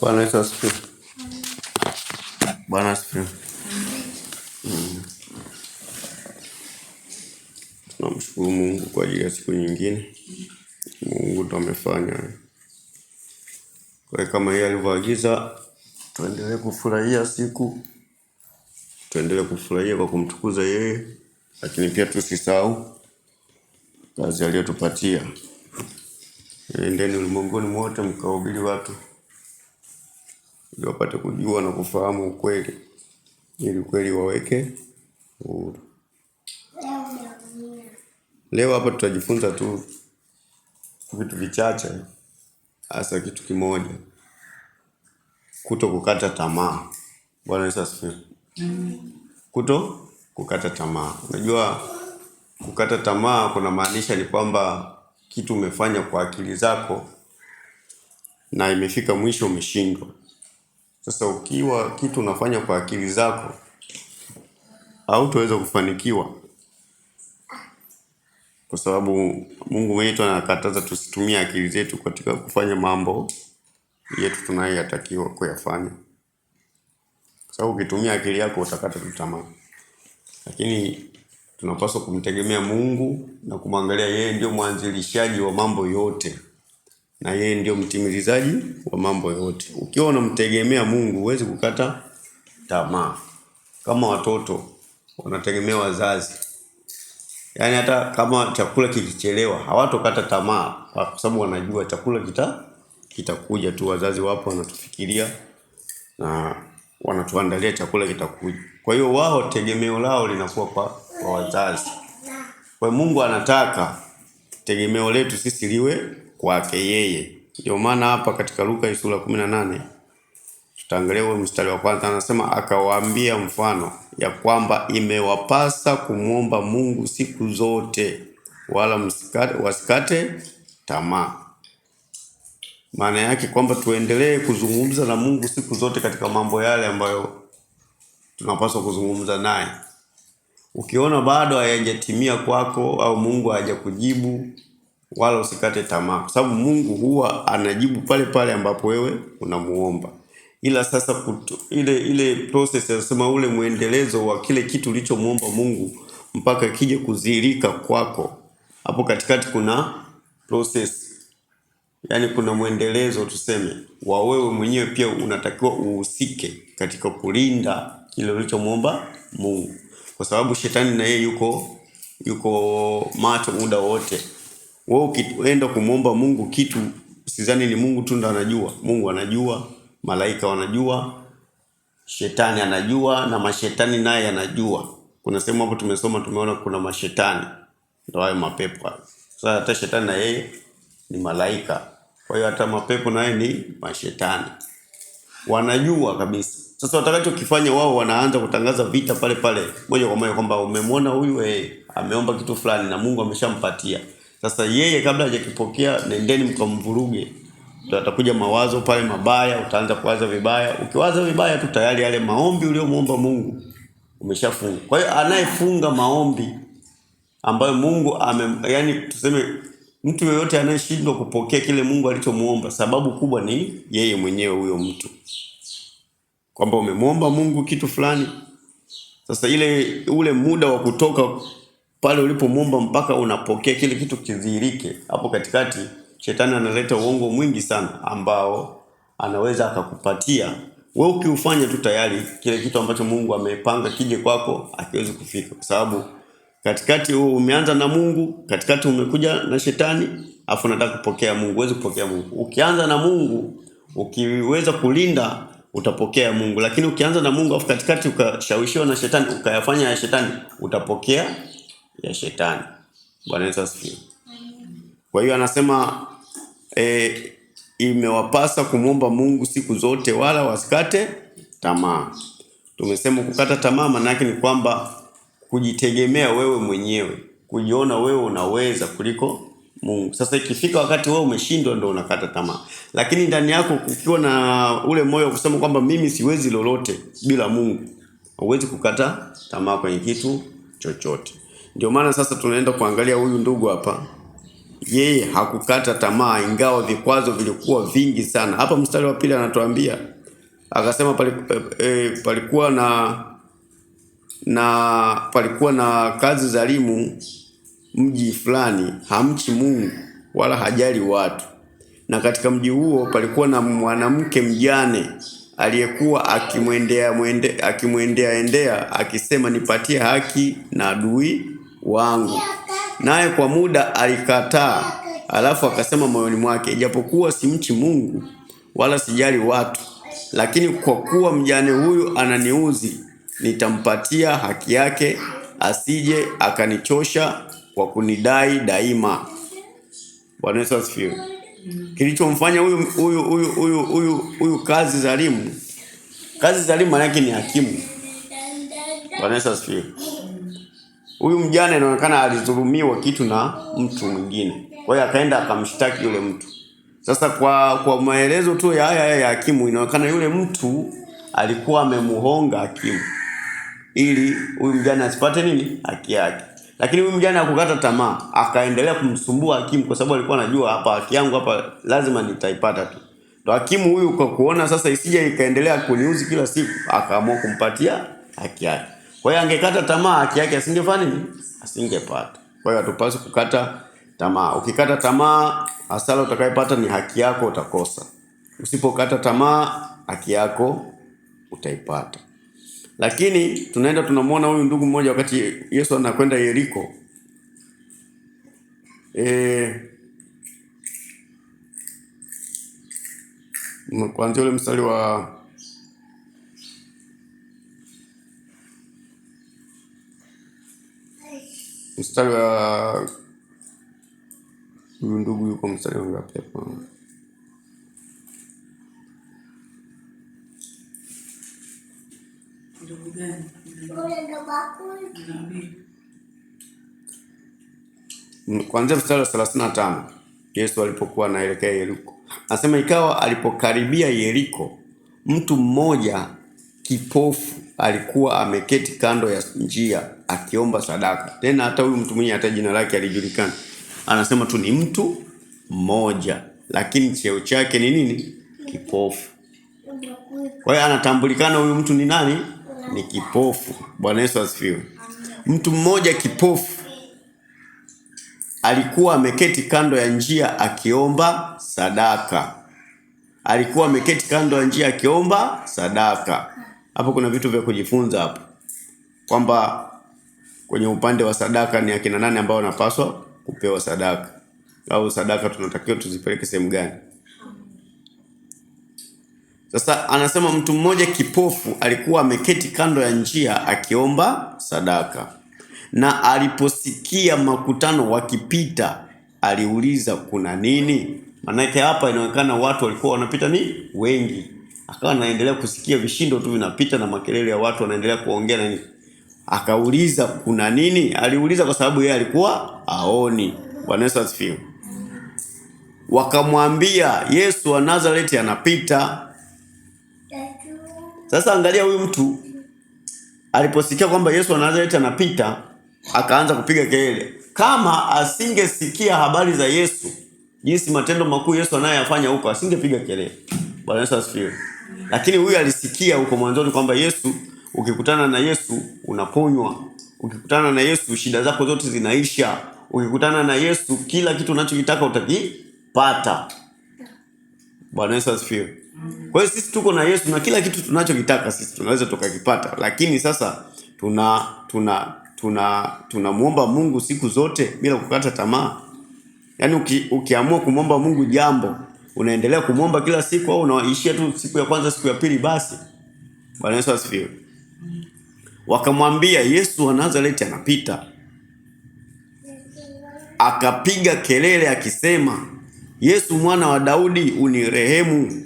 Bwana Yesu asifiwe. Bwana asifiwe. Tunamshukuru Mungu kwa ajili ya siku nyingine. Mungu ndo amefanya kwa kama yeye alivyoagiza, tuendelee kufurahia siku, tuendelee kufurahia kwa kumtukuza yeye, lakini pia tusisahau kazi aliyotupatia. Endeni ulimwenguni mwote mkawahubiri watu ili wapate kujua na kufahamu ukweli, ili ukweli waweke huru. Leo hapa tutajifunza tu vitu vichache, hasa kitu kimoja, kuto kukata tamaa. Bwana Yesu asifiwe. Kuto kukata tamaa. Unajua kukata tamaa kuna maanisha ni kwamba kitu umefanya kwa akili zako na imefika mwisho umeshindwa. Sasa ukiwa kitu unafanya kwa akili zako hautaweza kufanikiwa, kwa sababu Mungu wetu anakataza tusitumie akili zetu katika kufanya mambo yetu tunayoyatakiwa kuyafanya, kwa sababu ukitumia akili yako utakata tamaa, lakini tunapaswa kumtegemea Mungu na kumwangalia yeye ndio mwanzilishaji wa mambo yote na yeye ndio mtimilizaji wa mambo yote. Ukiwa unamtegemea Mungu huwezi kukata tamaa, kama watoto wanategemea wazazi. Yaani hata kama chakula kikichelewa hawatokata tamaa, kwa sababu wanajua chakula kita kitakuja tu. Wazazi wapo, wanatufikiria na wanatuandalia chakula kitakuja. Kwa hiyo wao tegemeo lao linakuwa kwa kwa wazazi. Kwa Mungu anataka tegemeo letu sisi liwe kwake yeye. Ndio maana hapa katika Luka sura kumi nane tutaangalia huo mstari wa kwanza, anasema akawaambia mfano ya kwamba imewapasa kumwomba Mungu siku zote, wala msikate, wasikate tamaa. Maana yake kwamba tuendelee kuzungumza na Mungu siku zote katika mambo yale ambayo tunapaswa kuzungumza naye. Ukiona bado hayajatimia kwako au Mungu hajakujibu wala usikate tamaa, kwa sababu Mungu huwa anajibu pale pale ambapo wewe unamuomba. Ila sasa kutu, ile ile process nasema ule mwendelezo wa kile kitu ulichomuomba Mungu mpaka kije kuzirika kwako, hapo katikati kuna process, yani kuna mwendelezo tuseme, wa wewe mwenyewe pia unatakiwa uhusike katika kulinda kile ulichomuomba Mungu kwa sababu shetani na yeye yuko yuko macho muda wote. Wewe ukienda kumwomba Mungu kitu, usizani ni Mungu tu ndo anajua. Mungu anajua, malaika wanajua, shetani anajua, na mashetani naye anajua. Kuna sehemu hapo tumesoma, tumeona kuna mashetani, ndio hayo mapepo hayo. Sasa hata shetani na yeye ni malaika, kwa hiyo hata mapepo naye ni mashetani wanajua kabisa. Sasa watakachokifanya wao, wanaanza kutangaza vita pale pale moja kwa moja kwamba umemwona huyu eh, ameomba kitu fulani na Mungu ameshampatia. Sasa yeye kabla hajakipokea, nendeni mkamvuruge. Atakuja mawazo pale mabaya, utaanza kuwaza vibaya. Ukiwaza vibaya tu tayari yale maombi uliyomwomba Mungu umeshafunga. Kwa hiyo anayefunga maombi ambayo Mungu ame, yani tuseme Mtu yoyote anayeshindwa kupokea kile Mungu alichomuomba, sababu kubwa ni yeye mwenyewe huyo mtu, kwamba umemwomba Mungu kitu fulani. Sasa ile ule muda wa kutoka pale ulipomwomba mpaka unapokea kile kitu kidhihirike, hapo katikati shetani analeta uongo mwingi sana ambao anaweza akakupatia wewe, ukiufanya tu tayari kile kitu ambacho Mungu amepanga kije kwako akiwezi kufika kwa sababu Katikati umeanza na Mungu, katikati umekuja na shetani, afu unataka kupokea Mungu. uweze kupokea Mungu. Ukianza na Mungu, ukiweza kulinda utapokea Mungu, lakini ukianza na Mungu afu katikati ukashawishiwa na shetani ukayafanya ya shetani, utapokea ya shetani. Bwana Yesu asifiwe. Kwa hiyo anasema e, imewapasa kumwomba Mungu siku zote, wala wasikate tamaa. Tumesema kukata tamaa maana yake ni kwamba kujitegemea wewe mwenyewe, kujiona wewe unaweza kuliko Mungu. Sasa ikifika wakati wewe umeshindwa, ndio unakata tamaa. Lakini ndani yako kukiwa na ule moyo wa kusema kwamba mimi siwezi lolote bila Mungu, huwezi kukata tamaa kwenye kitu chochote. Ndio maana sasa tunaenda kuangalia huyu ndugu hapa, yeye hakukata tamaa, ingawa vikwazo vilikuwa vingi sana. Hapa mstari wa pili anatuambia akasema, palikuwa, eh, eh, palikuwa na na palikuwa na kazi dhalimu mji fulani, hamchi Mungu wala hajali watu. Na katika mji huo palikuwa na mwanamke mjane aliyekuwa akimwendea mwende, akimwendea endea akisema, nipatie haki na adui wangu, naye kwa muda alikataa. Alafu akasema moyoni mwake, ijapokuwa simchi Mungu wala sijali watu, lakini kwa kuwa mjane huyu ananiuzi nitampatia haki yake, asije akanichosha kwa kunidai daima. Bwana Yesu asifiwe. Kilichomfanya huyu huyu huyu huyu huyu huyu kazi zalimu, kazi zalimu maana yake ni hakimu. Bwana Yesu asifiwe. Huyu mjane inaonekana alidhulumiwa kitu na mtu mwingine, kwa hiyo akaenda akamshtaki yule mtu. Sasa kwa kwa maelezo tu ya haya ya hakimu, inaonekana yule mtu alikuwa amemuhonga hakimu ili huyu mjane asipate nini haki yake. Lakini huyu mjane hakukata tamaa, akaendelea kumsumbua hakimu, kwa sababu alikuwa anajua hapa haki yangu hapa lazima nitaipata tu. Ndio hakimu huyu kwa kuona sasa isije ikaendelea kuniuzi kila siku, akaamua kumpatia haki yake. Kwa hiyo angekata tamaa, haki yake asingefanya nini, asingepata. Kwa hiyo hatupaswi kukata tamaa. Ukikata tamaa, hasara utakayopata ni haki yako utakosa. Usipokata tamaa, haki yako utaipata. Lakini tunaenda tunamwona huyu ndugu mmoja wakati Yesu anakwenda Yeriko. Eh, kuanzia ule mstari wa mstari wa huyu ndugu yuko mstari wangapi hapo? kwanzia gani? Mm, kuanzia mstari wa thelathini na tano Yesu alipokuwa anaelekea Yeriko, anasema ikawa alipokaribia Yeriko, mtu mmoja kipofu alikuwa ameketi kando ya njia akiomba sadaka. Tena hata huyu mtu mwenyewe hata jina lake alijulikana, anasema tu ni mtu mmoja, lakini cheo chake ni nini? Kipofu. Kwa hiyo anatambulikana huyu mtu ni nani? ni kipofu. Bwana Yesu asifiwe. Mtu mmoja kipofu alikuwa ameketi kando ya njia akiomba sadaka, alikuwa ameketi kando ya njia akiomba sadaka. Hapo kuna vitu vya kujifunza hapo, kwamba kwenye upande wa sadaka ni akina nani ambao wanapaswa kupewa sadaka, au sadaka tunatakiwa tuzipeleke sehemu gani? Sasa anasema mtu mmoja kipofu alikuwa ameketi kando ya njia akiomba sadaka, na aliposikia makutano wakipita, aliuliza kuna nini? Maanake hapa inaonekana watu walikuwa wanapita ni wengi, akawa anaendelea kusikia vishindo tu vinapita na makelele ya watu wanaendelea kuongea na nini. Akauliza kuna nini? Aliuliza kwa sababu yeye alikuwa aoni. Bwana Yesu asifiwe. Wakamwambia Yesu wa Nazareti anapita sasa angalia huyu mtu aliposikia kwamba Yesu wa Nazareti anapita akaanza kupiga kelele. Kama asingesikia habari za Yesu, jinsi matendo makuu Yesu anayoyafanya huko, asingepiga kelele. Bwana Yesu asifiwe. Lakini huyu alisikia huko mwanzoni kwamba Yesu, ukikutana na Yesu unaponywa, ukikutana na Yesu shida zako zote zinaisha, ukikutana na Yesu kila kitu unachokitaka utakipata. Bwana Yesu asifiwe. Kwa hiyo sisi tuko na Yesu na kila kitu tunachokitaka sisi tunaweza tukakipata, lakini sasa tuna tuna tuna tunamwomba Mungu siku zote bila kukata tamaa. Yaani uki, ukiamua kumwomba Mungu jambo unaendelea kumwomba kila siku au unaishia tu siku ya kwanza, siku ya pili? Basi Bwana Yesu asifiwe. Wakamwambia, Yesu wa Nazareti anapita. Akapiga kelele akisema, Yesu mwana wa Daudi unirehemu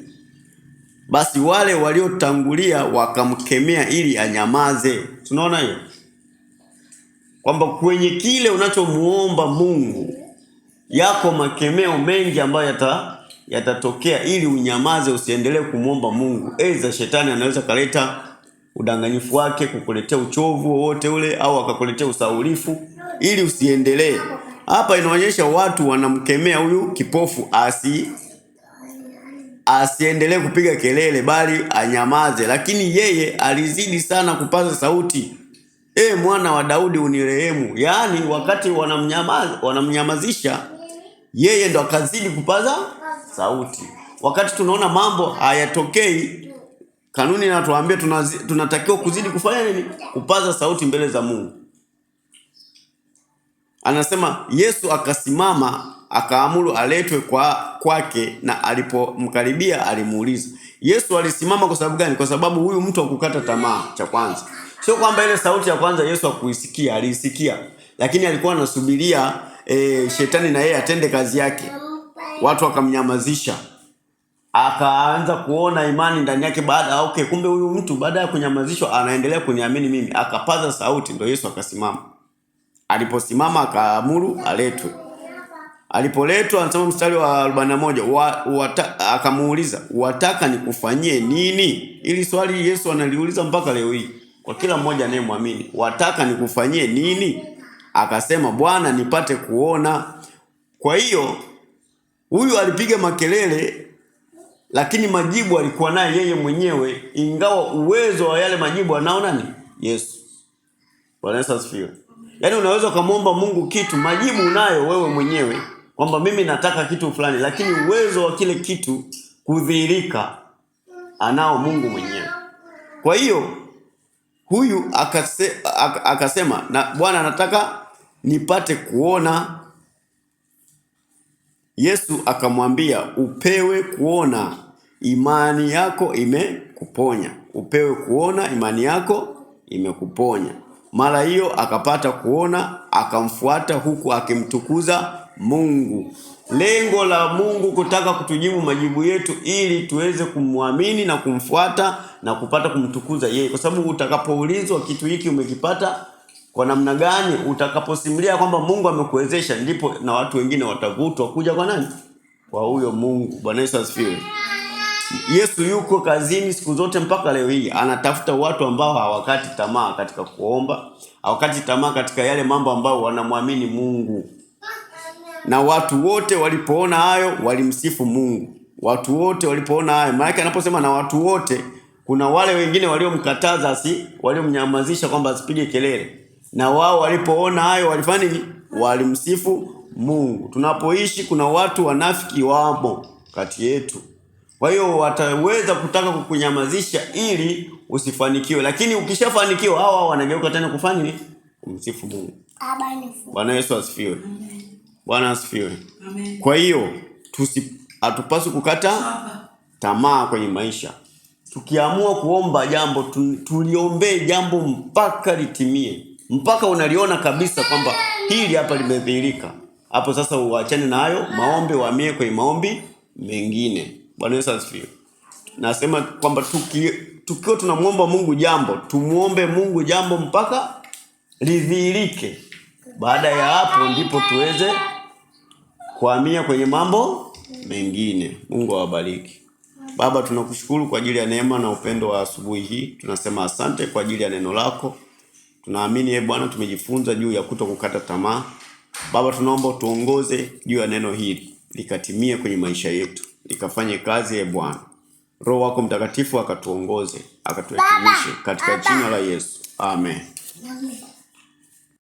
basi wale waliotangulia wakamkemea ili anyamaze. Tunaona hiyo kwamba kwenye kile unachomuomba Mungu yako makemeo mengi ambayo yata yatatokea ili unyamaze, usiendelee kumwomba Mungu. Aidha, shetani anaweza kaleta udanganyifu wake, kukuletea uchovu wowote ule, au akakuletea usaulifu ili usiendelee. Hapa inaonyesha watu wanamkemea huyu kipofu asi asiendelee kupiga kelele, bali anyamaze. Lakini yeye alizidi sana kupaza sauti, e mwana wa Daudi unirehemu. Yaani wakati wanamnyamaza, wanamnyamazisha yeye ndo akazidi kupaza sauti. Wakati tunaona mambo hayatokei, kanuni inatuambia tunatakiwa kuzidi kufanya nini? Kupaza sauti mbele za Mungu. Anasema Yesu akasimama akaamuru aletwe kwa kwake, na alipomkaribia alimuuliza. Yesu alisimama kwa sababu gani? Kwa sababu huyu mtu akukata tamaa. Cha kwanza sio kwamba ile sauti ya kwanza Yesu akuisikia, aliisikia, lakini alikuwa anasubiria e, shetani na yeye atende kazi yake. Watu wakamnyamazisha, akaanza kuona imani ndani yake. Baada okay, kumbe huyu mtu baada ya kunyamazishwa anaendelea kuniamini mimi, akapaza sauti, ndio Yesu akasimama. Aliposimama akaamuru aletwe. Alipoletwa anasema mstari wa 41 wa, akamuuliza wataka nikufanyie nini? Ili swali Yesu analiuliza mpaka leo hii kwa kila mmoja anayemwamini, wataka nikufanyie nini? Akasema, Bwana, nipate kuona. Kwa hiyo huyu alipiga makelele, lakini majibu alikuwa naye yeye mwenyewe, ingawa uwezo wa yale majibu anaona ni Yesu. Bwana Yesu asifiwe. Yaani unaweza ukamwomba Mungu kitu, majibu unayo wewe mwenyewe kwamba mimi nataka kitu fulani, lakini uwezo wa kile kitu kudhihirika anao Mungu mwenyewe. Kwa hiyo huyu akase, ak, akasema na Bwana, nataka nipate kuona. Yesu akamwambia, upewe kuona, imani yako imekuponya. Upewe kuona, imani yako imekuponya. Mara hiyo akapata kuona, akamfuata huku akimtukuza Mungu. Lengo la Mungu kutaka kutujibu majibu yetu ili tuweze kumwamini na kumfuata na kupata kumtukuza yeye, kwa sababu utakapoulizwa kitu hiki umekipata kwa namna gani, utakaposimulia kwamba Mungu amekuwezesha, ndipo na watu wengine watavutwa kuja kwa nani? Kwa huyo Mungu. Bwana Yesu asifiwe. Yesu yuko kazini siku zote mpaka leo hii, anatafuta watu ambao hawakati tamaa katika kuomba, hawakati tamaa katika yale mambo ambayo wanamwamini Mungu na watu wote walipoona hayo walimsifu Mungu. Watu wote walipoona hayo, maana anaposema na watu wote, kuna wale wengine waliomkataza, si waliomnyamazisha kwamba asipige kelele, na wao walipoona hayo walifanya nini? Walimsifu Mungu. Tunapoishi kuna watu wanafiki wamo kati yetu, kwa hiyo wataweza kutaka kukunyamazisha ili usifanikiwe, lakini ukishafanikiwa hao hao wanageuka tena kufanya nini? Kumsifu Mungu. Bwana Yesu asifiwe. Bwana asifiwe. Kwa hiyo hatupaswi kukata tamaa kwenye maisha. Tukiamua kuomba jambo, tuliombee jambo mpaka litimie, mpaka unaliona kabisa kwamba hili hapa limedhihirika. Hapo sasa uachane na hayo maombi, uhamie kwenye maombi mengine. Bwana Yesu asifiwe. Nasema kwamba tuki, tukiwa tunamwomba Mungu jambo, tumwombe Mungu jambo mpaka lidhihirike. Baada ya hapo ndipo tuweze kuhamia kwenye mambo mengine. Mungu awabariki. Baba, tunakushukuru kwa ajili ya neema na upendo wa asubuhi hii. Tunasema asante kwa ajili ya neno lako. Tunaamini ewe Bwana, tumejifunza juu ya kuto kukata tamaa. Baba, tunaomba utuongoze juu ya neno hili likatimie kwenye maisha yetu, likafanye kazi ewe Bwana. Roho wako Mtakatifu akatuongoze, akatuelimishe katika jina la Yesu, amen, amen.